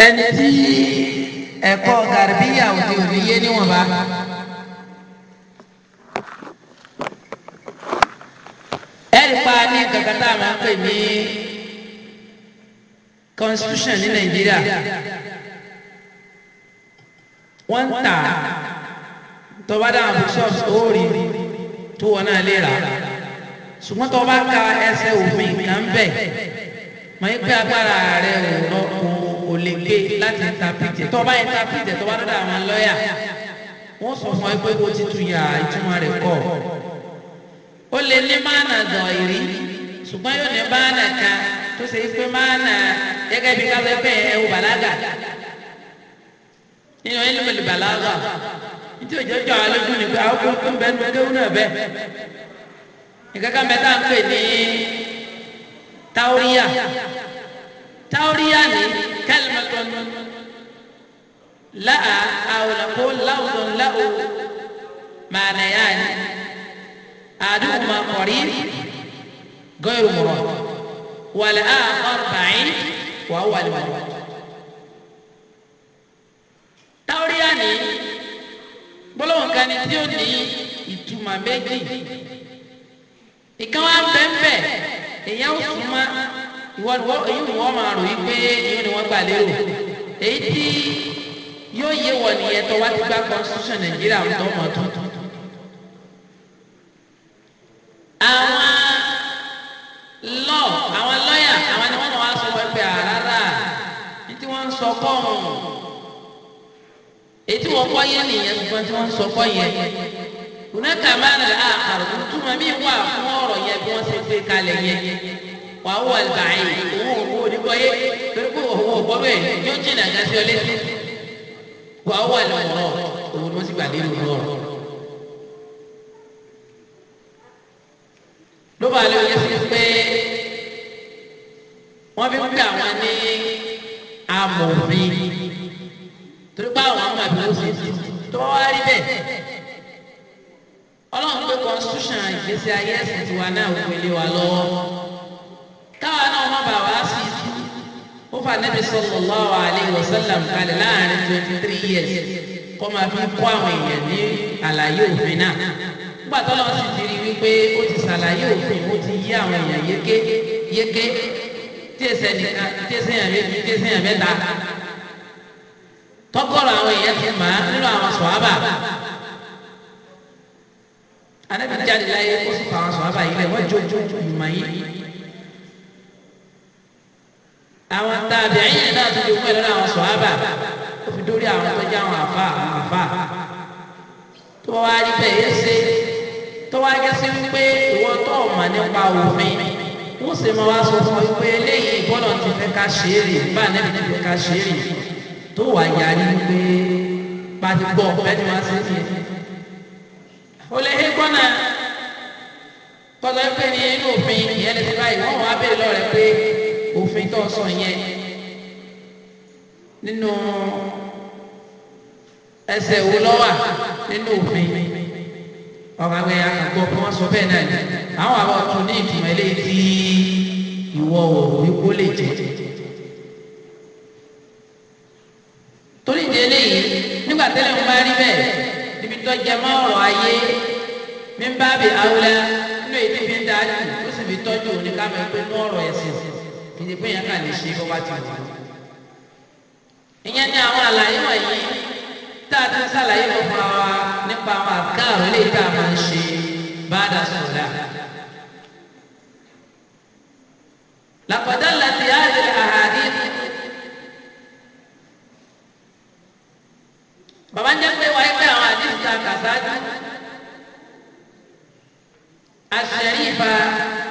ẹni tí ẹ̀kọ́ gàrúbíyà òde òní yé níwọ̀nba. ẹ̀rí pa ní kankan tá a máa pè ní constitution ní nàìjíríà wọ́n ń tà tọ́ba dáhùn bishop orí tó wọn náà lè rà ṣùgbọ́n tọ́ba ka ẹsẹ̀ òfin kan bẹ̀ mọ̀ ní pé agbára rẹ̀ lọ́kùn kò lè gbé láti ìtàpìtì tọ́ba ìtàpìtì tọ́ba dọ́dọ̀ àwọn lọ́ọ̀yà wọ́n sọ fún ẹ pé kó ti tuyà ìtumọ̀ rẹ̀ kọ́ ó lè ní máàna dàn ìrí ṣùgbọ́n yóò ní máàna kan tó ṣe pé máàna gẹ́gẹ́ bí káfẹ́ pé ẹ wò bàlágà nínú ẹ ló lè bàlágà nítorí ìjọjọ́ àwọn alójú nígbà àwọn kò tó ń bẹ́ẹ̀ nu ẹgbẹ́ wọn náà bẹ́ẹ̀ ìkankan bẹ́ẹ̀ ń pè ní táwóríyà táwóríyà ni. كلمة لا أو نقول لفظ له معنيان أحدهما قريب غير مراد والآخر بعيد وهو المراد táwọ́ríyá ni gbólóhùn kan ni tí ó ní ìtumọ̀ méjì ìkan wá ń bẹ́ẹ̀ bẹ́ẹ̀ èèyàn ó súnmọ́ ìwọ ni wọ́n èyí ni wọ́n máa rò yí pé èyí ni wọ́n gbà lérò èyí tí yóò yé wọ nìyẹn tó wá ti gba constitution nàìjíríà tó mọ̀ àwọn lọ àwọn lọ́yà àwọn ni wọ́n náà wá sọ wọ́n pé àràrà ní tí wọ́n ń sọ kọ́ ọ̀hún èyí tí wọ́n kọ́ yẹn nìyẹn ṣùgbọ́n tí wọ́n ń sọ kọ́ yẹn kùnà kàmáàrà àkàrà tó túmọ̀ mí wà fún ọ̀rọ̀ yẹn bí wọ́n ṣe gbé kalẹ̀ yẹn wà wọ ẹlbàáyì owó owó onígbọ́yé torí pé òwò ọ̀gbọ́dọ̀ ẹ̀ yóò jìnnà gàtí ọ létí wà wọ ẹlọ́wọ́ òwò ni wọ́n ti gbàdé lórí ọ̀rọ̀. ló bá lè wọlé sí pé wọ́n fi ń pè àwọn ní amòfin torí pé àwọn ọmọ àbí wọ́n sì ti tó wá rí bẹ́ẹ̀ ọlọ́run pé constitution ìgbésí ayé ẹ̀sìn tiwa náà wọlé wa lọ́wọ́. fa nabi sallallahu alayhi wa sallam kalẹ̀ láàrin twenty three years kó máa fi kó àwọn èèyàn ní àlàyé òfin náà nígbà tó lọ́wọ́ sì ti rí wípé ó ti ṣàlàyé òfin ó ti yé àwọn èèyàn yéké yéké tí èsè nìkan tí èsè yàn méjì tí èsè yàn mẹ́ta tọ́gọ́rọ̀ àwọn èèyàn ti mà nínú àwọn sọ̀hábà anábìjáde láyé ó sì fa àwọn sọ̀hábà yìí lẹ̀ wọ́n jó ìmọ̀ yìí àwọn tàbí ẹ̀yìn náà tó di pẹ̀lú àwọn sọ̀hábà ó fi dórí àwọn tó jẹ́ àwọn àfa àwọn àfa tó wá rí bẹ́ẹ̀ yé ṣe tó wá jẹ́ sí wípé ìwọ tó mọ̀ nípa òfin wọ́n sì máa wá sọ fún ọ pé eléyìí bọ́lọ̀ ti fẹ́ ká ṣe é rè bá nẹ́bí ti fẹ́ ká ṣe é rè tó wà yàrá wípé pàtí bẹ́ẹ̀ni wá sí ti o lè hí gbọ́nà tọ́lọ́ pé ní inú òfin ìyẹn ti báyìí wọ́n wá bèèrè lọ́rẹ̀ pé òfin tó sọ yẹn nínú ẹsẹ̀ wo lọ́wà nínú òfin ọ̀rọ̀ àwọn ẹ̀yà àgbọ̀ kí wọ́n sọ bẹ́ẹ̀ náà ni àwọn àwọn ọ̀tún ní ìtumọ̀ eléyìí tí ìwọ òwe kó lè jẹ. torí ìdí eléyìí nígbà tẹ́lẹ̀ ń bá rí bẹ́ẹ̀ níbi tó jẹ mọ́ ọ̀rọ̀ ayé mi ń bá bi àwòrán nínú èdè fi ń dájú ó sì fi tọ́jú oníkàmẹ́gbẹ́ ní ọ̀rọ̀ ẹ̀sìn ìdí pé yẹn kà lè ṣe bó bá ti wù ú. ìyẹn ní àwọn àlàyé wọ̀nyí tá a ti ń ṣàlàyé fún wa nípa àwọn àkáàrọ̀ lè tá a máa ń ṣe bá a dà sọ̀rọ̀ dà. làkọ̀dá láti àárẹ̀ àhàdí. bàbá ń jẹ́ pé wáyé pé àwọn àdìsí ta kàṣáájú. àṣẹ̀yìn ìfà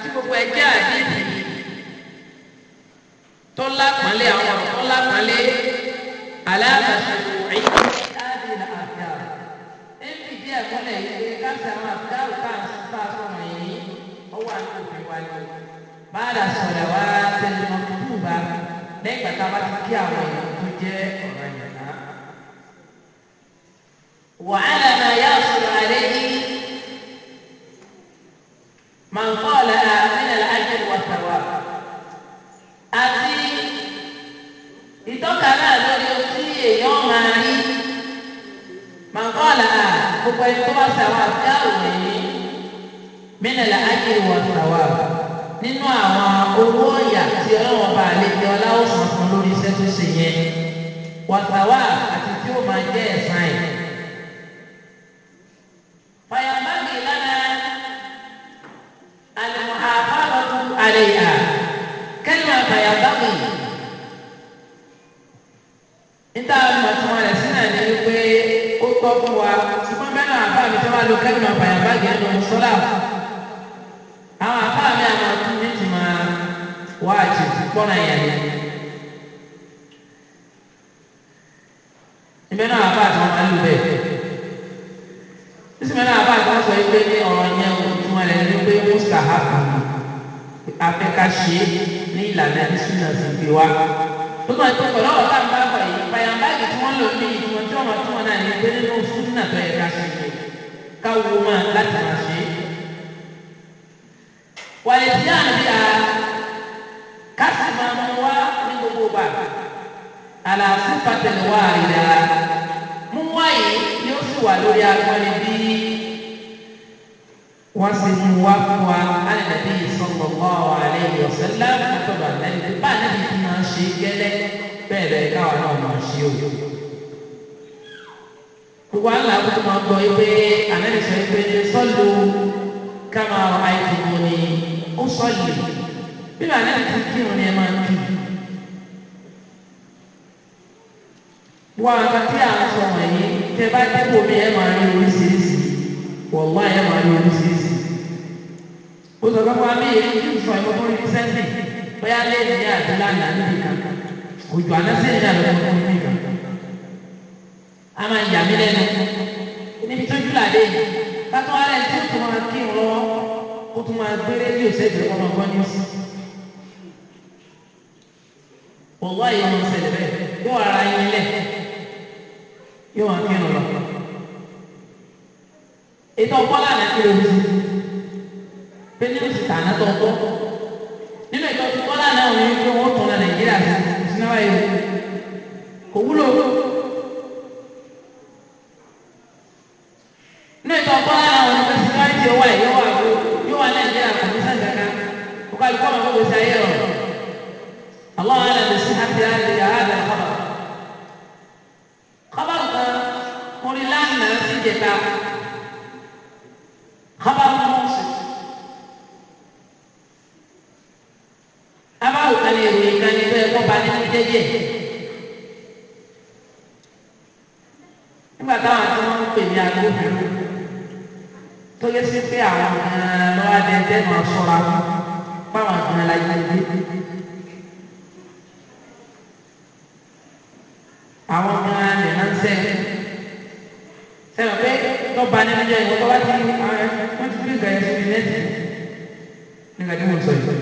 tí gbogbo ẹ̀jẹ̀ àdìsí. tọ́lá kanlé àwọn tọ́lá kanlé aláàbàṣẹ̀wò ẹ̀yìn láàbì ní àbíà ẹ̀ńpì díẹ̀ múlẹ̀ yìí káṣí àwọn àbíà òkà àṣìṣà sọ̀rọ̀ yìí ọwọ́ àti òfin wa ni báàdà sọ̀rọ̀ wá tẹ̀lé wọn tó kú bá lẹ́yìn bàtà bá ti kí àwọn èèyàn tó jẹ́ ọ̀rọ̀ yẹn ná. wàhálà náà yà sọ̀rọ̀ àlẹ́ yìí màǹkọ́ ọ̀la àmì àti ìtọ́ka náà lórí ohun tí èèyàn máa rí màkọ́lá gbogbo ẹni tó bá sàwọn àbúrò wọ̀nyí mínàlá ájì wọn sàwà nínú àwọn owó ọ̀yà tí ọlọ́wọ́n bá àlejò ọláwọ̀ sàn fún lórí iṣẹ́ tó ṣe yẹn wọ́n sàwà àti tí ó máa jẹ́ ẹ̀sán ẹ̀. fàyàmáàgì sọ fún wa ṣùgbọ́n mẹ́rin àbá mi tó wá lo kẹ́lí máa bàyà báàgì ẹ̀ lọ́wọ́ sọ́lá àwọn àbá mi àwọn ọdún méjì máa wá àjẹ pọ́nà ìyàlẹ́. ìmẹ́rin àbá àti wọn máa lù bẹ́ẹ̀. ìsìmẹ́rin àbá àti wọn sọ pé ní ọ̀rọ̀ yẹn òtún wọn lẹ̀ pé ó sà á kà afẹ́ ká ṣe é ní ìlànà àdísínà sì fi wá. ó máa tó pẹ̀lú ọ̀rọ̀ wa túmọ̀ náà ní pé nínú súnà tó yẹ ká ṣe káwo máa láti máa ṣe é. wàlẹ̀ tí yára bí a ká sì máa mú wá ní gbogbo gbà àlàáfíà pàtẹ́lẹ̀ wá àríyá mú wáyé yóò sì wà lórí agbọ́nrin bí wọ́n sì mú wá fún wa alẹ́dàbí sallallahu alaihi wasallam látọ̀dọ̀ àlẹ́ nípa bá àlẹ́ nípa máa ń ṣe gẹ́lẹ́ bẹ́ẹ̀ bẹ́ẹ̀ káwọn náà máa ṣe òyìnbó gbogbo àlà àkókò máa gbọ́ pé ànábìsọ pé sọ́lù kámá àìfòmù ni ó sọ yìí bí bàálẹ̀ àti kírun ni ẹ máa ń kí. wọ́n àgbà tí a sọ wọ̀nyí tẹ bá dẹ́kun omi ẹ máa rí oríṣiríṣi wọ̀lá ẹ máa rí oríṣiríṣi. ó sọ pé wọ́n á èyí ń sọ ẹ̀kọ́ fún ibi bóyá lẹ́yìn ní àdúrà náà níbi kan òjò àná sí ìyá rẹ̀ fún ibi kan a máa yà mí lẹ́nu níbi tó júlà dé yìí bàtọ́ ara ẹ̀ tó tó máa kí n lọ kó tó máa gbé rédíò sẹ́jọ́ kọ́ máa gbọ́ ní sí. Wọ̀lọ́ yìí wọ́n ṣẹlẹ̀ bẹ́ẹ̀ yóò ara yín lẹ̀ yóò máa kí n lọ. Ètò ọ̀pọ̀lá àná kí ló ń sí. Pélé ó sì tàná tó ń Nínú ìtọ́jú ọ̀pọ̀lá náà ni wọ́n Nàìjíríà sí. Ìsinmi wáyé kò wúlò ọ̀pọ̀ lára àwọn yunifásitì yóò wà yóò wà yóò wà nàìjíríà kò ní sàǹdàkà ọkọ àlùkò àwọn ọmọ gbèsè ayé rọ àwọn àlà lè sí àti àlè àlè kọba kọba kan orin lánàá sí jẹta kọba kan wọn sọ abáwò kan lè ròyìn kan ní bẹ́ẹ̀ kọba ní jẹjẹ. gan-an lọ́wọ́ adẹ́ntẹ́ máa sọ̀rọ̀ àwọn báwọn gan-an la yẹ dé. àwọn gan-an lè máa ń sẹ́ sẹ́wọ̀n pé lọ́ba nínú jẹ́ ìwọ́n tó bá ti wọ́n ti fi gàyẹ́ sí ilé ẹ̀sìn nígbà tí mo sọ yìí.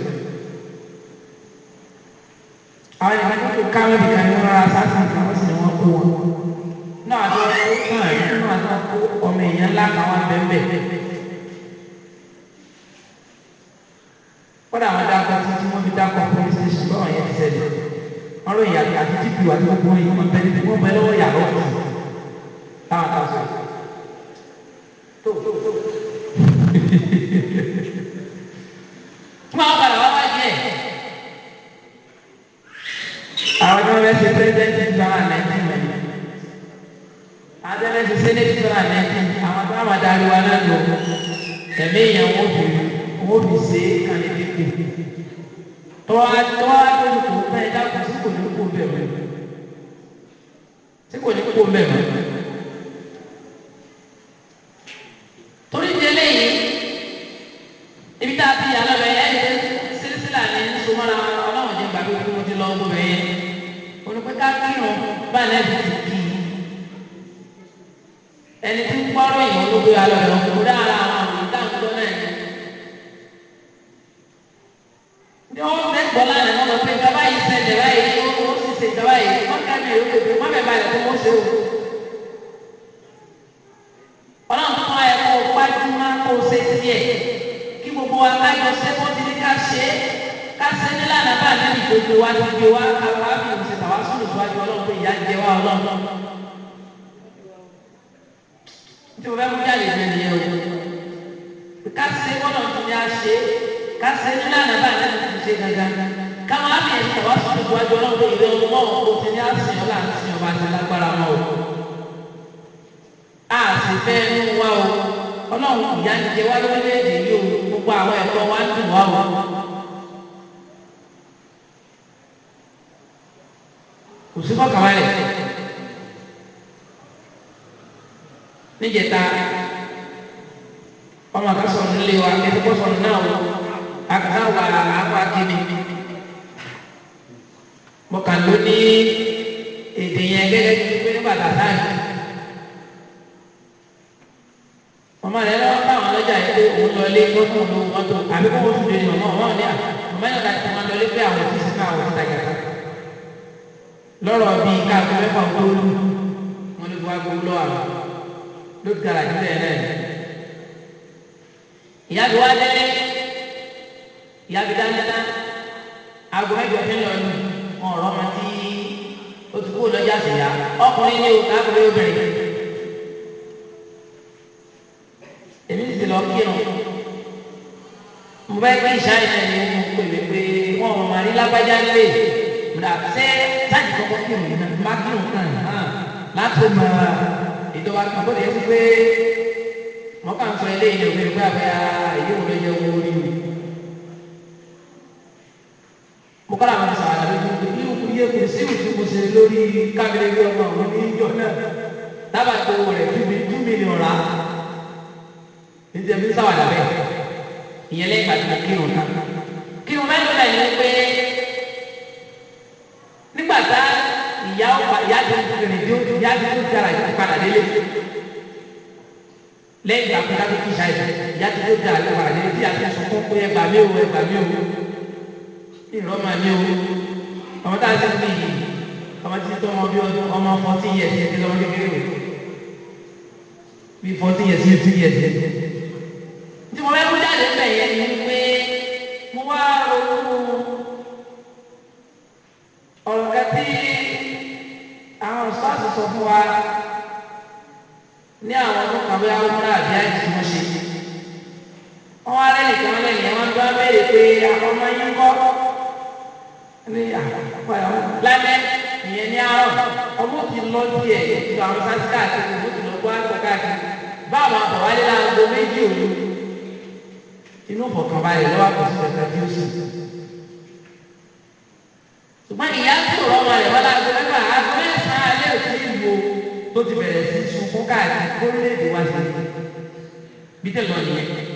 àwọn ìgbà tó kó káwé nìkan ni wọ́n rárá sásán kan wọ́n sì ni wọ́n kó wọn. no, àti wọn kó náà yìí no, àti wọn kó ọmọ èèyàn ńlá kan wọn bẹ́ẹ̀ bẹ́ẹ̀. wọ́n náà wọ́n dákọ̀ títí wọ́n fi dákọ̀ police station báwọn yẹn ti sẹ́lẹ̀ wọ́n lóye àti àti gp wà ní gbogbo yìí wọ́n bẹ̀rẹ̀ ní wọ́n bẹ̀rẹ̀ lọ́wọ́ yàrá ọ̀tún táwọn táwọn sọ. tó tó tó tọ́wá tọ́wá lórí kò fẹ́ dákun sí kò ní kó bẹ̀rẹ̀ sí kò ní kó bẹ̀rẹ̀. ká ní èrò kòkòrò má bẹ̀ balẹ̀ fún wọn ṣe o. ọlọ́run fún ayẹ kó o gbájú má kó o ṣe tiẹ̀ kí gbogbo wa ká yọ ṣe bó ti ní ká ṣe é ká ṣe ní lánàá bá nínú ìgbòho wa ti gbé wa àwọn àbí òṣè tàwa sùn ìṣúwájú ọlọ́run pé ìyá jẹ wa ọlọ́run. tí o fẹ́ mú jáde ní ẹni o ká ṣe bọ́lọ̀ tún ní a ṣe ká ṣe ní lánàá bá nínú ìṣe gangan káwọn àmì ẹ̀sìn wá sí gbogbo àjọ náà ìwé ọmọ òkú ti ní àsìn ọ̀la àsìn ọba àti lágbára wọn o. a sì fẹ́ ẹnu wa o ọlọ́run ìyá ń jẹ wá lórílẹ̀‐èdè yìí o gbogbo àwọn ẹ̀kọ́ wa dùn wá o. kò sí fọ́ọ̀kà wálẹ̀ níjẹta ọmọ akásọ̀rọ̀ nílé wa ẹ̀kọ́ sọ̀rọ̀ náà o àgbà wà á wà kí mo kà ló ní èdè yẹn gẹ́gẹ́ bí pé ní bàtà táyì màmá rẹ lọ bá àwọn ọlọ́jà yìí pé òun lọ lé kó fún òun mọ́tò àbí kó fún òun lè mọ̀ mọ́ ọ̀hún ní à màmá yìí lọ́dà tí wọ́n lọ lé pé àwọn ti sika àwọn ti tàgà lọ́rọ̀ bíi káàkiri mẹ́fà ń gbóòlù wọn ní buwa gbóòlù lọ́wọ́ àwọn ló gara jù bẹ́ẹ̀ náà ìyá bí wá délé ìyá aago mẹ́jọ fi ń lọ lù wọn ọ̀rọ̀ máa ti ó ti kú lọ́jà síyá ọkùnrin ní o káàkiri obìnrin. èmi ti lọ kírun mo bá gbé ìṣáyé náà ní mo pè mí pé wọn ò máa rí lágbájá lé múra ṣé sáàjì kọ́kọ́ kírun yìí náà má kírun kan náà láti mọ ìjọba kan bó lè ṣe pé kàn sọ ilé ìlú mi nígbà bá èyí ò lè yẹ owó orí mi. mo kọ́ làwọn sọ kúkúyé kò sí ìṣekùsè lórí kábílẹ̀bí ọmọ àwọn oníjọ náà dábàá tó wọ̀ rẹ̀ tú mílíọ̀n rà nítorí sáwàdà bẹ́ẹ̀ ìyẹn lẹ́yìn ìgbà tí mo kírun náà kírun mẹ́rin náà yẹ pé nígbà tá ìyá ìyá ti rìn dé ìyá ti tún dára ìtì padà délé lẹ́yìn ìgbà tó dábì kí ṣáà ìyá ti tún dára ìtì padà délé tí a ti sọ fún pé ẹgbàá mi ò ẹgbàá mi ò ìrọ́mà mi ò àwọn táà ti ń bí yìí àwọn ti tó ọmọ bí ọdún ọmọ fourteen years yẹn ti lọ́wọ́ kékeré wò bí fourteen years fifteen years yẹn. tí mo fẹ́ mú jáde ń bẹ̀ yẹn ni pé mo wá ronú ọ̀rọ̀ kan tí àwọn sars sọ fún wa ní àwọn ọdún kan bóyá wọn múra àbí àìsí wọn ṣe. wọ́n wá lẹ́yìn kan lẹ́yìn wọn gbọ́ bẹ́ẹ̀ pé àwọn ọmọ yín kọ́ ní àkókò ẹ̀hún lálẹ́ ìyẹn ní àárọ̀ ọmọ ti lọ díẹ̀ ètò àwọn sáńsì káàkiri ọmọ ti lọ gbọ́ àgbọ̀ káàkiri báwo àbọ̀wálé láago méjì òru inú kọ̀ọ̀kan báyìí lọ́wọ́ àkọsí ẹ̀ka tí ó sùn. ṣùgbọ́n ìyá sọ̀rọ̀ ọmọ rẹ̀ wọ́n láago mẹ́fà aago mẹ́sàn-án alẹ́ òsì ìlú tó ti bẹ̀rẹ̀ sí sunkún káàkiri kó lè dé bí tẹ̀lé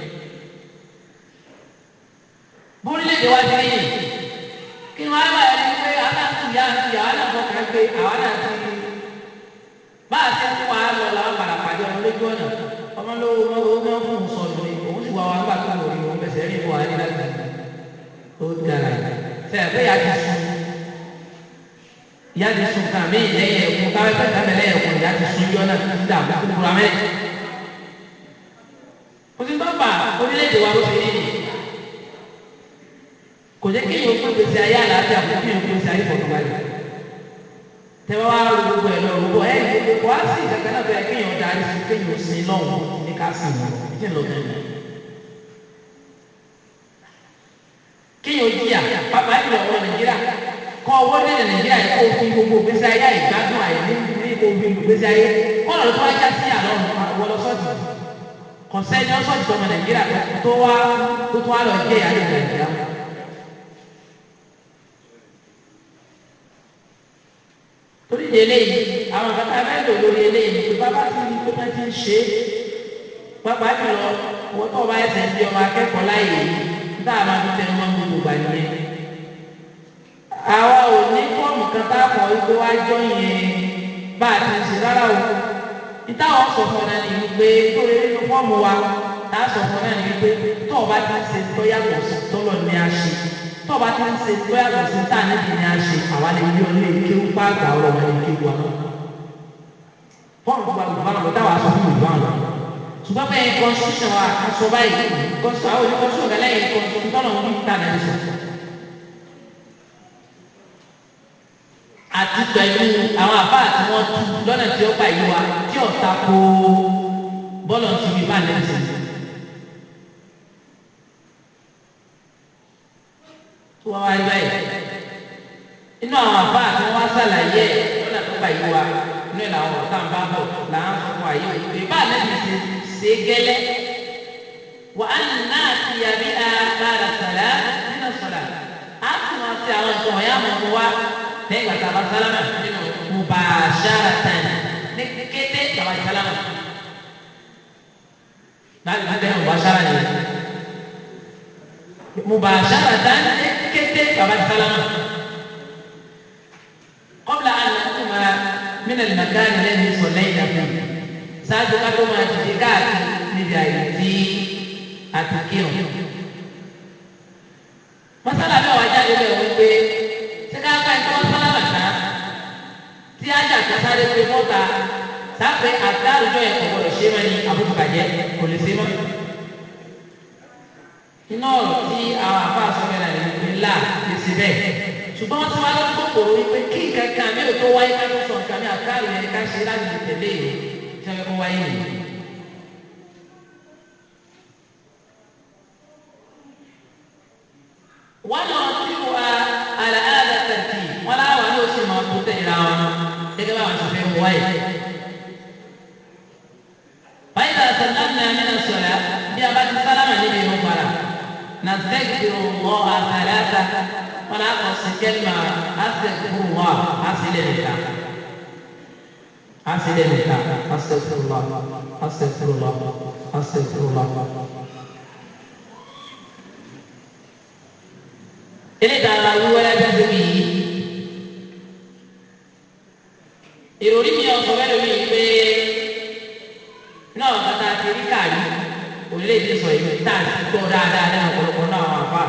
ibi àwọn náà tán ní. bá a ti fún wa lọ làwọn padà pàdé ọmọ lójú ọ̀nà ọmọ lówó ọmọ owó máa ń fún un sọ̀rọ̀ ni òun sì wá wa nígbà tó lórí òun bẹ̀sẹ̀ rí ìwà ní láti ó dára ṣe ẹ̀fẹ́ yá ti sùn yá ti sùn kàmí lẹ́yìn ẹ̀kún káwé pẹ̀lú lẹ́yìn ẹ̀kún yá ti sùn yọ́nà nígbà kúkú ramẹ́. òsì bàbà orílẹ̀-èdè wa ló fi ní kò jẹ́ kéèyàn kó gbèsè ayé àlàáfíà kó kéèyàn kó gbèsè ayé fọ̀tọ̀ báyìí tẹ́wọ́ wá ro gbogbo ẹ̀ lọ gbogbo ẹ̀ gbogbo kò á sì ìdàgbà náà bẹ̀rẹ̀ kéèyàn darí sí kéèyàn sí lọ́wọ́ ní ká sì wọ́n kí ló dé lọ. kéèyàn jìyà pàpà ìlú ọ̀wọ́ nàìjíríà kọ́ ọwọ́ nílẹ̀ nàìjíríà yìí kó fi gbogbo gbèsè ayé àìgbádùn àìní ní gbogbo gbèsè ayé kọ́ lọ́dọ̀ tó wá já sí àlọ́ àwọn ọlọ́sọ́ọ̀tì kọ̀sẹ́ni ọ̀sọ́ọ̀tì ọmọ nàìjíríà tó wá tó tó wá lọ jẹ́ àlejò àìjáwó níbi eléyìí àwọn kàtà mẹ́lò lórí eléyìí pé bàbá ti ní pé wọ́n ti ń ṣe é pápá jùlọ wọ́n tó bá ẹsẹ̀ di ọmọ akẹ́kọ̀ọ́ láàyè níta àwọn akẹ́kọ̀ọ́ ẹni wọ́n mú gbogbo àyè àwa ò ní fọ́ọ̀mù kan tá a kọ̀ yẹn bá a ti ń ṣe rárá o níta àwọn náà nìyí pé tó nínú fọ́ọ̀mù wa tá a sọ náà nìyí pé tó o bá ti ń ṣe tó yàtọ̀ tọ́ba tó ń ṣe bóyá kò sí tá níbi ní a ṣe àwa lè ní ọlé ike ń pa àgbà ọ̀rọ̀ wọn ike wa náà bọ́ọ̀lù wa lùbá lọ dáwà sọ fún lùbá lọ ṣùgbọ́n bẹ́ẹ̀ kọ́ńsíṣàn wa aṣọ báyìí kọ́ńsíṣàn àwọn oníkọ́ńsíṣàn gẹ́lẹ́ yìí kọ́ńsíṣàn tọ́nà wọn ń tà náà sọ. àti pẹ̀lú àwọn àbá àti wọn tu lọ́nà tí ó gbà yí wa tí ọ̀ta kó bọ́ọ̀lù ti fi bá lẹ́sẹ̀ tó wá wáyé báyìí inú àwọn àbá àti wọn ṣàlàyé ẹ lọ́nà tó gbà yí wa inú ìlà àwọn ọ̀tá ń bá bọ̀ là ń fún wa yìí wáyé bá a lẹ́bi ṣe ṣe gẹ́lẹ́ wà á nì náà ti yàrá ara sàlá nínú sọ̀lá á sì máa ṣe àwọn ìṣòwò yá mọ̀ fún wa lẹ́yìn ìgbà tàbá sálámà nínú mùbà ṣára tàn ní kété tàbá sálámà láti má tẹ́lẹ̀ mùbà yẹn mùbà ṣára tàn ní kété bàbá sálámà kọ́bla àlùkò máa mílẹ̀ nàgá nílẹ̀ ní sọ̀lẹ́ ìdàgbà sáájú ká tó máa dìde káàkiri níbi àyè tí àtàkì ọ̀. mọ́sálà náà wá jáde lẹ́yìn wípé ṣé ká ká ẹ̀kọ́ mọ́sálà bàtà tí ájà kan sáré pé mọ́ta sáfẹ́ àti àrùjọ yẹn kò gbọdọ̀ ṣe é mọ́ ni àbúkù bàjẹ́ kò lè ṣe é mọ́ iná ọ̀rọ̀ tí àwọn àbá sọ̀rọ̀ rẹ̀ ní ńlá ti sì bẹ́ẹ̀ ṣùgbọ́n wọ́n ti wá lọ́dún kòkòrò wípé kí nǹkan kan mi ò tó wáyé ká tó sọ nǹkan mi àkáàrò yẹn ká ṣe láti lè tẹ̀lé yìí e. tí wọ́n kó wáyé yìí. wọ́n lọ sí wa àlàáfẹ́ tẹ̀sí wọ́n láwọn ní oṣù náà tẹ̀lé ra gẹ́gẹ́ bá wọn ṣe fẹ́ wáyé. نذكر الله ثلاثة ولا أقص كلمة أستغفر الله أصل لك أصل لك أستغفر الله أستغفر الله أستغفر الله إلي دارا ولا تدبي ìròrí mi ọ̀sọ̀ mẹ́rin mi pé náà kàtà àti rí kàrí eléyìí sọ èyí tá a ti gbọ́ dáadáa ní ọ̀pọ̀lọpọ̀ náà àwọn àfa.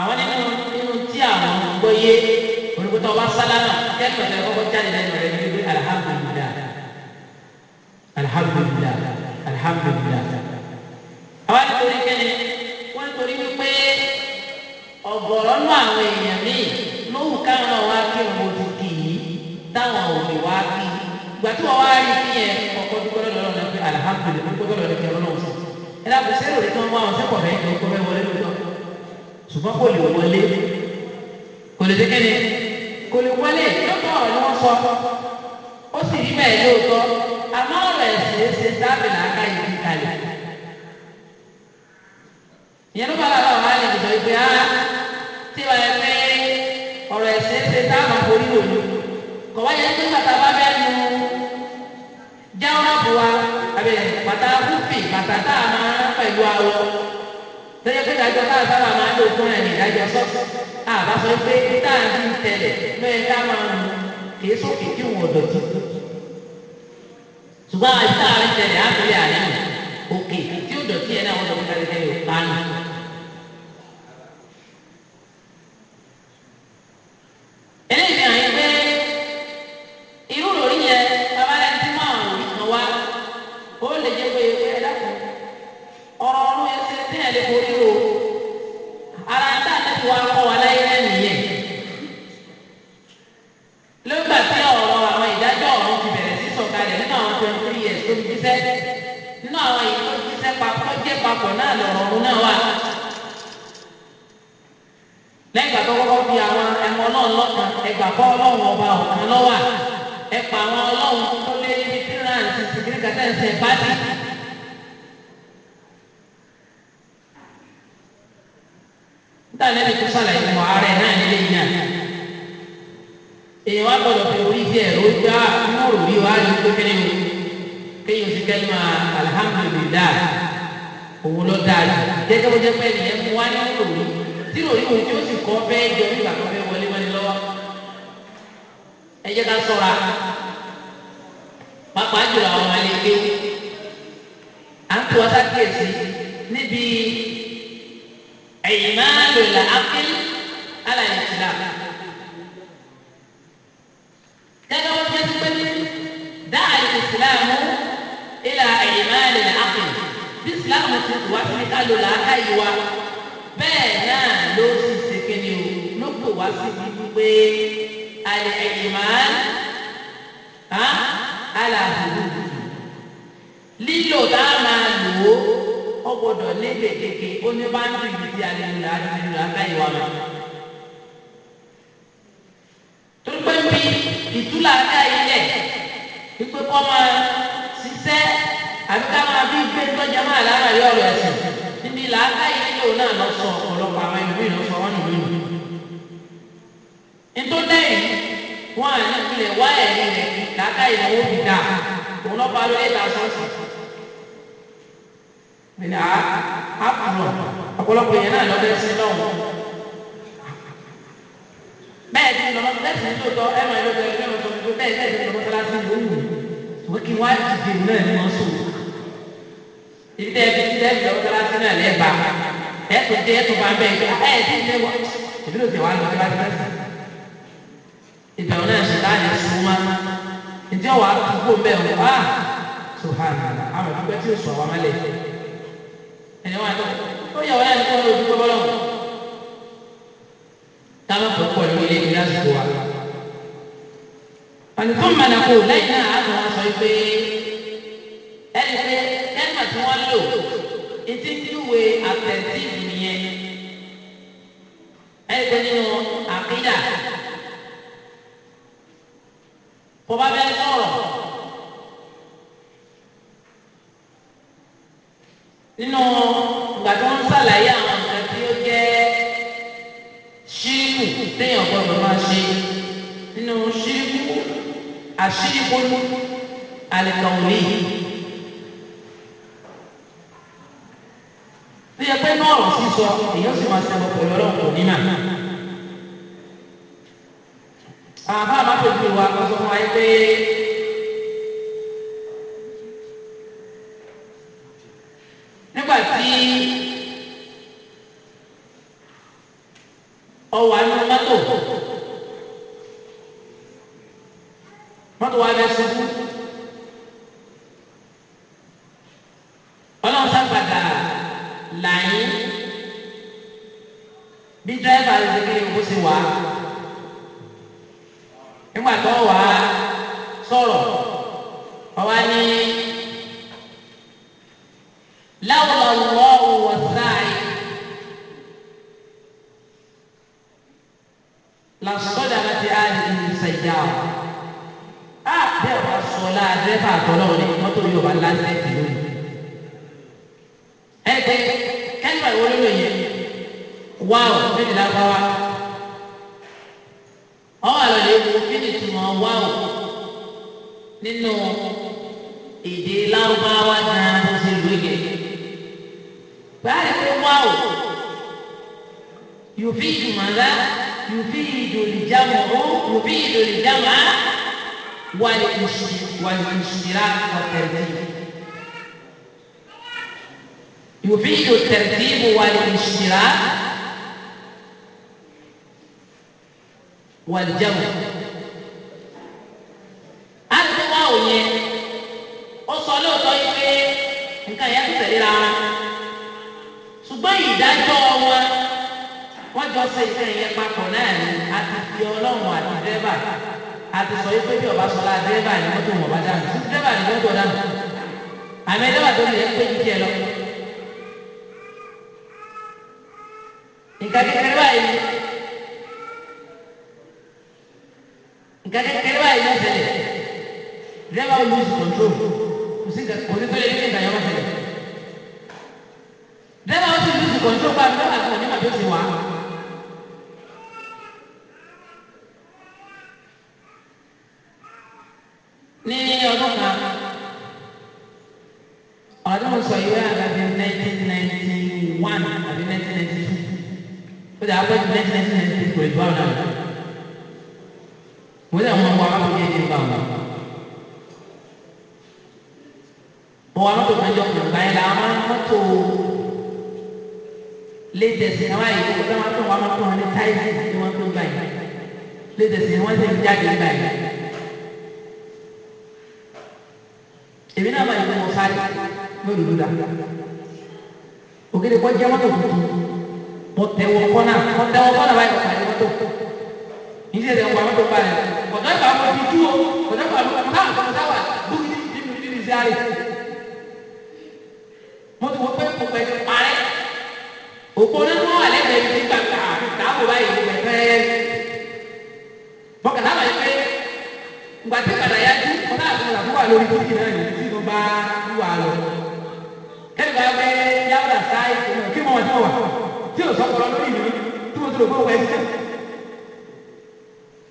àwọn nínú nínú tí àwọn gbọ́ yé olùkótó ọba sálámà kẹ́kọ̀ọ́ ẹ̀ jáde lẹ́nu rẹ̀ ní alhamdulillah alhamdulillah alhamdulillah. àwọn nítorí kẹ́ni wọ́n nítorí wípé ọ̀gọ̀rọ̀ nù àwọn èèyàn míì lóhùn káwọn alihamdulilayi gbogbo tó lọ ní kẹrọ náà sùn ẹ dàgbé sẹ́yìn òde tó ń mú àwọn sẹ́kọ̀ọ́ bẹ́ẹ̀ kẹ́ kó bẹ́ẹ̀ wọlé lóòótọ́ ṣùgbọ́n kò lè wọlé kò lè dékẹ́ni kò lè wọlé lọ́tọ̀ ọ̀rọ̀ ni wọ́n sọ ó sì rí bẹ́ẹ̀ lóòótọ́ àmọ́ ọ̀rọ̀ ẹ̀sìn ẹ̀sìn dábì làákà yìí kalẹ̀ ìyẹn ló bá làbá wà ní ìdìbò ìgbé ara tí wàá yẹ pé ọ̀rọ̀ ẹ̀sìn ẹ̀sìn dábà forí lòlù kọ̀ wáyé pé bàtà bá bẹ́ẹ̀ nu jáwọ́ bù pé bàtà kúfì bàtà tá a máa ń pẹ̀lú awọ tẹ́lẹ̀ pé ìdájọ́ tá a sábà máa ń lò fún ẹ̀ ní ìdájọ́ sọ́ọ̀sì àbá sọ pé tá a ti ń tẹ̀lẹ̀ lọ́yẹ̀ ká máa ń kìí sókè kí wọn ọ̀dọ̀ ṣùgbọ́n àti tá a ń tẹ̀lẹ̀ á fi lè àlẹ́ òkè tí ó dọ̀tí ẹ̀ náà wọ́n dọ̀ ẹ jẹ́ ká ṣọ́ra pàápàá jùlọ àwọn àlejò à ń tó ọtá díẹ̀ sí níbi ẹ̀yìn máa lò là ápín alàyè tìlà. gẹ́gẹ́ wọ́n fi ẹsẹ̀ pé ní dáàlì ìsìláàmù ìlà ẹ̀yìn máa lò là ápín bí ìsìláàmù ti wá sí ká lò là áká yìí wá bẹ́ẹ̀ náà ló sì ṣe kéde o ló pè wá sí ibi pé al-i'mal ala hudud lílò tá a máa lò ó gbọ́dọ̀ ní gbèdéke ó ní bá ń dìbò ti àlejò àlejò àtàyè wa mọ́. tó pé bí ìtúlà ká ilẹ̀ wípé kọ́ máa ṣiṣẹ́ àbí ká máa bí gbé tọ́jà máa lára yọ̀ọ̀rọ̀ ẹ̀sìn níbi làákàyè lílò náà lọ sọ ọ̀pọ̀lọpọ̀ àwọn nítorí lẹ́yìn wọn à ní ìpìlẹ̀ wá ẹ̀yìn rẹ̀ làákà ìnáwó fi dà òun lọ́ba ló yẹ tàà sọ́ọ̀sì. Bẹ̀rẹ̀ à á pàrọ̀ ọ̀pọ̀lọpọ̀ yẹn náà lọ́bẹ̀ sí lọ́wọ́. Bẹ́ẹ̀ ti lọ́mọ lẹ́sìn ní tòótọ́ ẹ̀ máa lọ́bẹ̀ ẹgbẹ́ mi tó bẹ́ẹ̀ bẹ́ẹ̀ ti lọ́mọ kíláàsì ló wù. Wọ́n kí wá dìde náà ni wọ́n sọ. Ibi tẹ́ ẹ fi ti lẹ́sìn lọ́mọ kíláàsì náà lẹ́ẹ̀bà. Ẹ̀ẹ́dùn tẹ́ ẹ̀ẹ́dùn bá bẹ́ẹ̀ gbà ẹ̀ẹ́dùn tẹ́ wọ́n. Ìbílẹ̀ òkè wa lọ́mọ kíláàsì ìbẹ̀rù náà ṣe láàyè súnmọ́ ǹjẹ́ wàá dúgbò bẹ́ẹ̀ wọ́n á tó ha nàlá àwọn ìdúgbò tí ó sọ àwọn ọmọlẹ̀ ẹni wọn àti ó yẹ wọn láti kọ́ ló dúgbò bọ́lọ̀ táwọn kò pọ̀ ní ilé ìgbà sùkú wa. pàtẹ́kùn mọ̀nàkù lẹ́yìn náà á tún wọn sọ pé ẹni pé kẹ́mà tí wọ́n lò etí ń àtẹ̀tí ìnìyẹn ẹni pé nínú àkídà kó bá bẹ́ẹ̀ sọ̀rọ̀ nínú ìgbà tí wọ́n ń ṣàlàyé àwọn nǹkan tí ó jẹ́ ṣíkù téèyàn gbọ́dọ̀ máa ṣe nínú ṣíkù àṣíkù àlìkàwé tó yẹ pé náà ọ̀rọ̀ sísọ èèyàn sì máa ṣe ọkọ̀ ìrọ̀lọ́ ọ̀pọ̀ Aha mapokirwa okusoma ite nígbà tí ọwọ́ àná mọ́tò. ọlá dẹ́fà àtọ́lọ́run ni mọ́tò yóò wá lásìkò lónìí. ẹ pé kẹ́lìmọ̀ ìwọ ló lóye wá ò méjì lágbáwá. ọwọ́ lè wo kí ni ìtumọ̀ wá ò nínú èdè lárúbáwá náà tó ṣe lóye. báyìí pé wá ò yòófì ìdùnmọ̀ rẹ yòófì ìdòlìjàmọ̀ ó yòófì ìdòlìjàmọ̀ á. والاشتراك والترتيب يفيد الترتيب والاشتراك والجمع àdúgbò òye ó sọ lóòótọ́ yìí pé nǹkan yẹn ń tẹ̀lé rárá ṣùgbọ́n ìdájọ́ wọn wọ́n jọ ṣe nǹkan yẹn papọ̀ náà ni àti ti ọlọ́run àti dẹ́bà àti sọ yìí pé bí ọba sọlá dẹ́rẹ́bà ni mọ́tò wọn bá dànù sí dẹ́rẹ́bà ni mọ́tò dànù àmì dẹ́rẹ́bà tó lè pé jíjí ẹ lọ. nǹkan kékeré báyìí nǹkan kékeré báyìí lọ́sẹ̀lẹ̀ dẹ́rẹ́bà ó lose control. kweli ndani na ndani ni kweli bwana wewe mwa kwa hapo yeye ni bwana kwa hapo tunajua kuna alama mtu lete sinawai kama watu wa mtu hana taifa ni watu mbaya lete sinawai mjaji mbaya ebina ba ni mo sari mo dudu da ogere ko jama to tutu mo tẹ̀wọ̀ kọ́nà mo tẹ̀wọ̀ kọ́nà báyìí mo pàdé mọ́tò níṣẹ́ ìdẹ̀ ọ̀pọ̀ mọ́tò báyìí ọ̀dọ́ ìgbà mo ti dúró ọ̀dọ́ ìgbà mo náà mo sáwà búkìtì nínú nínú iṣẹ́ àyè mo ti wọ pé mo pẹ̀ ti parẹ́ òpó náà wọ́n wà lẹ́gbẹ̀ẹ́ ibi gbàgbà dáàbò báyìí lẹ́gbẹ̀ẹ́ mọ̀kànlá wà lẹ́gbẹ̀ẹ́ gbàtí kàdà yá dé ọ̀dọ́ àti ọ̀dà fún wa lórí búkìtì náà yìí tí mo bá wà lọ kẹ́lẹ́ bá yà pé yàrá sáyé kí mo wà tí mo wà tí o sọ kọlọ lórí mi tí mo tó lò fún wẹ́ẹ́sì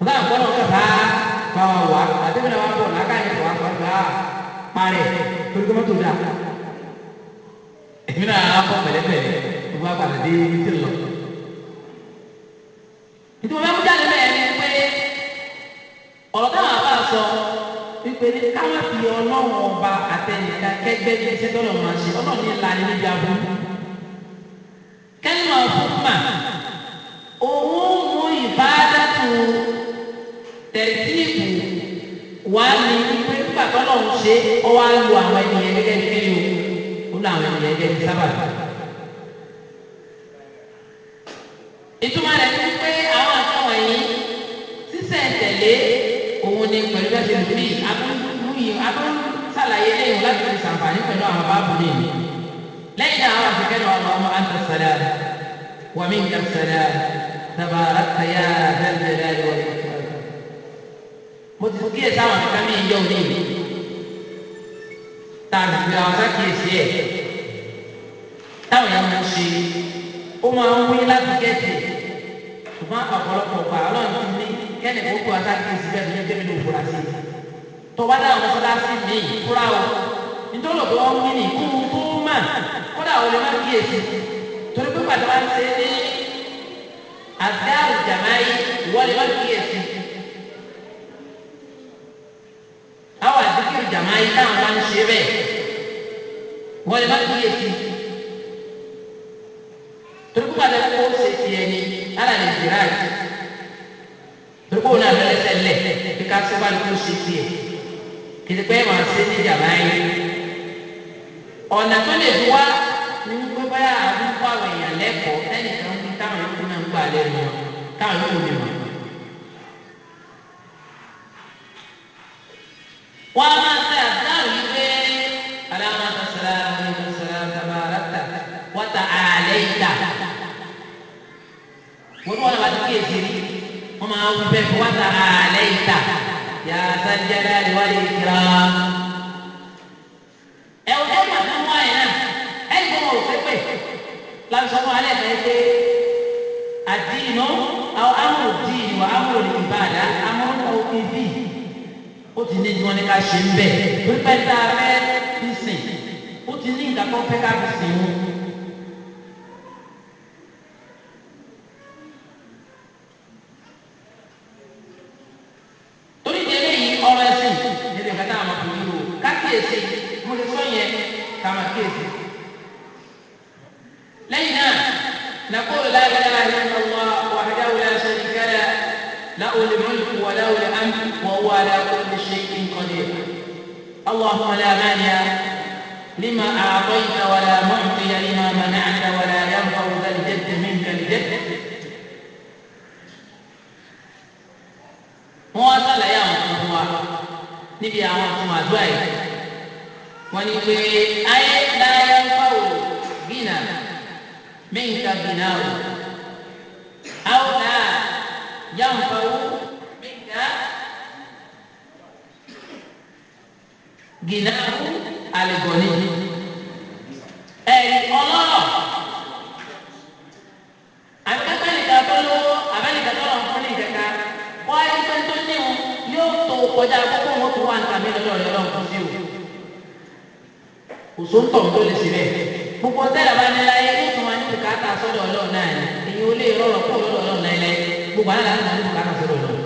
náà. ọ̀gá àkọ́nà ọ̀gá bá bá wa wà àtẹ́mìnà wa bọ̀ láká yẹn wà kọ́ gbà parẹ́ torí kọ́ mọ́tò dà. èmi náà á kọ́ pẹ̀lẹ́pẹ̀lẹ́ tó bá padà dé ibi tí lọ. ìtumọ̀ bá mú jáde bẹ́ẹ̀ ni pé ọ̀rọ̀ táwọn àbá sọ wípé ní káwọn fi ọlọ́run ọba àtẹnìkan kẹgbẹ́ ní iṣẹ́ tọ́lọ̀ máa ṣe ọlọ́run ní ìlànà níbi àbúrò kẹ́lìmọ̀ ọ̀fúnmà òun mú ìbádàtú tẹ̀síìpù wà ní ìwé nígbà tó lọ́n ṣe ọ wá lu àwọn ènìyàn gẹ́gẹ́ bí kéde o ó lu àwọn ènìyàn gẹ́gẹ́ bí sábà. ìtumọ̀ rẹ̀ ni pé àwọn àtọ́ wọ̀nyí sísẹ̀ntẹ̀lé òun ni pẹ̀lú ẹ̀sìn bíi abúlé abúlé sàlàyé léyìn láti fi sàǹfààní pẹ̀lú àwọn báàbù léyìn lẹ́yìn àwọn àfikẹ́ ni wọn lọ́mọ àǹtà sàlám wà mí nǹkan sàlám tabarakta ya dhal jalali wal ikram mo ti kíyè sáwọn àfikẹ́ mi yíyọ ní ìlú tàbí fi àwọn sákìyèsí ẹ̀ táwọn yẹn mú sí ó máa ń wí láti kẹ́tì ṣùgbọ́n ọ̀pọ̀lọpọ̀ ọ̀pọ̀ ọlọ́run ti ní kẹ́ni kó kó sákìyèsí bẹ́ẹ̀ ní kẹ́mi ló fura sí i tọ́wádà ọ̀sán láti mí fúra o nítorí ọ̀pọ̀ ọ̀hún ní kó náà kọ́dà àwọn olè má kíyèsí torí pé pàtó bá ń ṣe ní àdáàrú jàmáyé ìwọ́lé má kíyèsí. àwọn àdìkìrì jàmáyé táwọn máa ń ṣe bẹ́ẹ̀ ìwọ́lé má kíyèsí. torí pé pàtó kó ṣe ti ẹni ala lè jìrà yìí torí pé òun náà lọ lẹ́sẹ̀ lẹ̀ kíkà sí wàlúù ṣe tiẹ̀ kìtìpẹ́ máa ṣe ní jàmáyé ọ̀nà tó lè fi wá ní wípé báyà àwọn kó àwọn èèyàn lẹ́kọ̀ọ́ tẹ́nìkan fi táwọn yòókù náà ń gbà lẹ́nu wọn táwọn yòókù lè mọ̀. wọ́n á máa ṣe àdáhùn yìí pé aláma sọ̀rọ̀ àwọn sọ̀rọ̀ àlẹ́ ìta. wọ́n ní wọ́n náà bá ti rí wọ́n máa ń bẹ̀ fún wọ́n àlẹ́ ìta. yàtọ̀ jẹ́rẹ́ àdìwálé ìkìlá. ẹ̀ wọ́n láti sọ fún alẹ́ náà pé àdínú àwọn amòdìn wà amòdìn ìbàdà amòdìn òkun bì ó ti ní ní wọn ní ká ṣe ń bẹ̀ pípẹ́ tá a fẹ́ fi sìn ó ti ní ìdàkọ́ fẹ́ ká fi sìn wọn. torí ìdílé yìí ọ̀rọ̀ ẹ̀sìn ìdílé نقول لا إله إلا الله وحده لا شريك له له الملك وله الأمر وهو على كل شيء قدير اللهم لا مانع لما أعطيت ولا معطي لما منعت ولا ينفع ذا الجد منك الجد مواصلة يا الله níbi يا ọmọ àdúrà yìí wọ́n ní pé ayé منك بناء أو لا ينفع منك غناء الغني أي الله kọjá kókó wọn tó wà nǹkan mìíràn lọ́rọ̀ lọ́rọ̀ kò sí o kò sóńtọ̀ tó lè ṣe bẹ́ẹ̀ gbogbo tẹ́lẹ̀ bá ní láyé ní bùkátà sọ́dọ̀ Ọlọ́run nai. ni èyí ó lè rọrọ̀ pọ̀ lọ́dọ̀ Ọlọ́run náà ilẹ̀ gbogbo aláàlá náà ní bùkátà sọ́dọ̀ Ọlọ́run.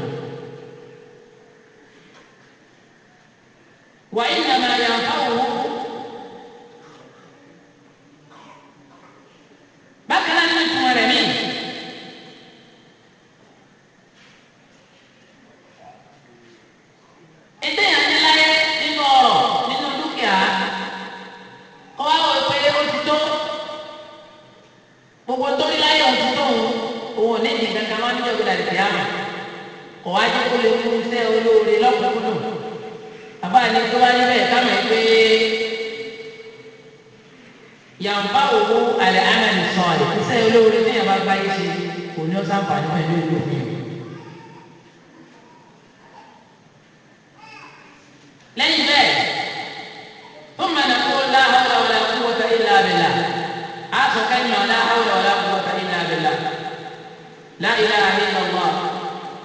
لا إله إلا الله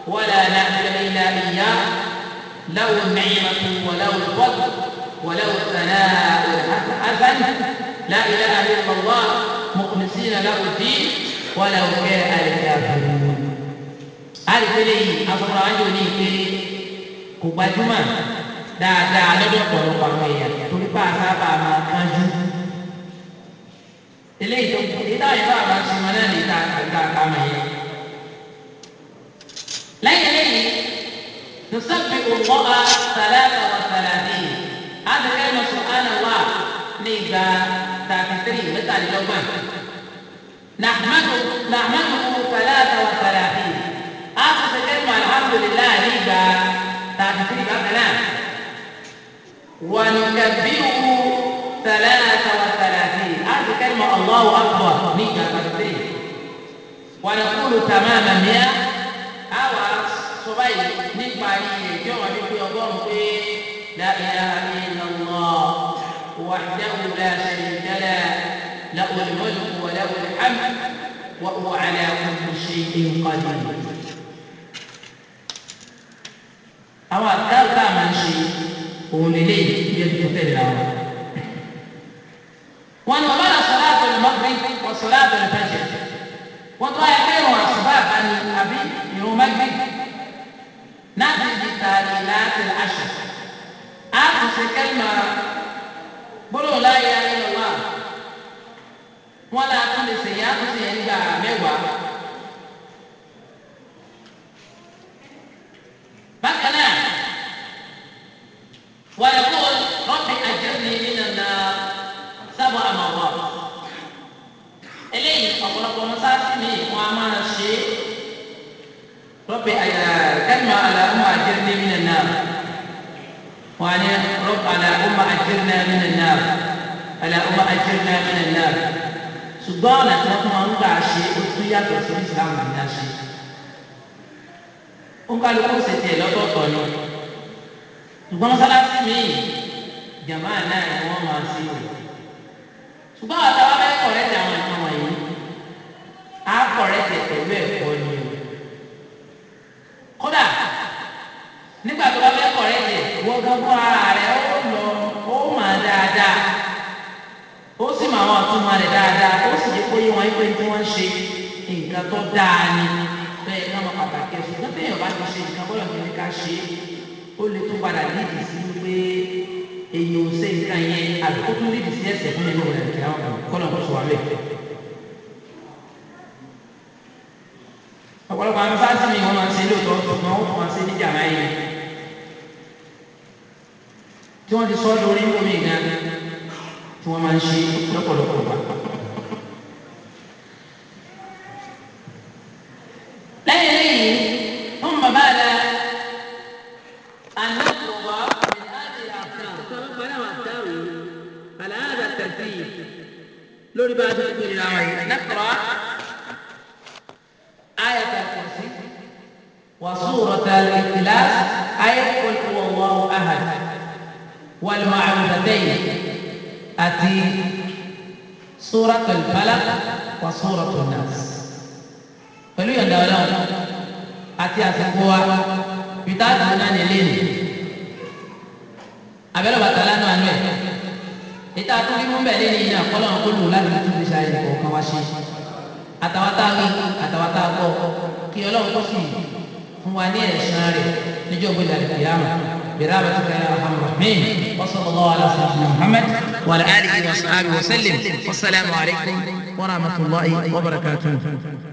ولا نعبد إلا إياه له النعمة وله الفضل وله الثناء أبدا لا إله إلا الله مخلصين له الدين ولو كره الكافرون ألف لي أفر أجلي في كوبا جمع دا دا نجو قلوبا ميا تلقى سابا ما كانجو إليه تلقى سابا سمنا لتاكا كاما هي لا يليه تسبح الله ثلاثة وثلاثين هذا كلمة سبحان الله لذا 33 مثل اليومين نحمده نحمده ثلاثة وثلاثين آخر كلمة الحمد لله لذا 33 بقى ونكبره ثلاثة وثلاثين آخر كلمة الله أكبر لذا 33 ونقول تماما 100 báyìí nípa rẹ̀ tí wọ́n ti pé ọgọ́rùn pé la ilaha illallah wahdahu la sharika lahu lahul mulku wa lahul hamd wa huwa ala kulli shay'in qadir. àwọn àtàkà máa ń ṣe òun nílé ìgbẹ́ tó tẹ̀lé àwọn. wọn ni wọn bá lọ sọlá àtọlẹ mọgbìn wọn sọlá àtọlẹ fẹsẹ wọn tó ayẹyẹ ìrùn àṣùbà àbáni àbí ìrùn mọgbìn. نأتي بالتعليلات العشر آخر كلمة gbólóhùn la ilaha illallah wọn la tún lè sèyí àtúnṣe yẹn nígbà mẹ́wàá. bákan náà wà lóko rabbi ajirni minan nar sab'a marrat eléyìí ọ̀pọ̀lọpọ̀ mọ́sáàsì mi wọ́n á máa ṣe é. رب كلمة على أم أجرني من النار وأنا رب على أم أجرنا من النار على أم أجرنا من النار ṣùgbọ́n ọ̀nà tí wọ́n tún máa ń gbà ṣe ó tún yàtọ̀ sí ìsìlámù nígbà ṣe ó kálukú ṣe tiẹ̀ lọ́tọ̀ọ̀tọ̀ ni ṣùgbọ́n mọ́sálásí míì jàmá náà ni wọ́n máa ṣe rẹ̀ ṣùgbọ́n àtàwọn akẹ́kọ̀ọ́ rẹ̀ ti àwọn wọ̀nyí á kọ̀ rẹ̀ tẹ̀ pẹ̀lú ẹ̀kọ́ ni kódà nígbà tó bá fẹ́ kọ̀ rẹ jẹ wọ́n gbogbo ara rẹ ó lọ ó mà dáadáa ó sì mà wọn àtúmọ̀ rẹ dáadáa ó sì yẹ kó yé wọn pé tí wọ́n ń ṣe nǹkan tó dáa ni bẹ́ẹ̀ náà wọ́n pàtàkì ẹ̀sùn náà bẹ́ẹ̀ ọba ti ṣe nǹkan bọ́lá ní ká ṣe ó lè tó padà nídìí sí pé èyí ò ṣe nǹkan yẹn àbí kó tún nídìí sí ẹsẹ̀ fún ẹni òun rẹ̀ kí ọ̀pọ̀lọpọ̀ àwọn fásitì mi wọ́n máa ń ṣe lóòótọ́ ṣùgbọ́n wọ́n máa ń ṣe níjà máa yẹ tí wọ́n ti sọ lórí omi gan tí wọ́n máa ń ṣe lọ́pọ̀lọpọ̀ wa. suratul nas pẹ̀lú yọ̀ǹda ọlọ́run àti àsìkò wa bìtá àtúntò náà nílé ni abẹ́rẹ́ bàtà lánàá àánú ẹ̀ níta tó fi mú bẹ́ẹ̀ lé ní iná kọ́lọ́run kó lù láti tún fi ṣàyẹ̀ kọ̀ọ̀kan wá ṣe àtàwátá wí àtàwátá gbọ́ kí ọlọ́run kó sì fún wa ní ẹ̀san rẹ̀ níjọ́ gbé dàrí kìyàmù bẹ̀rẹ̀ àbẹ̀tẹ̀ kẹyà alhamdulilayi wa sallallahu alayhi wa sallam muhammad. وعلى آله وصحبه وسلم والسلام عليكم ورحمة الله وبركاته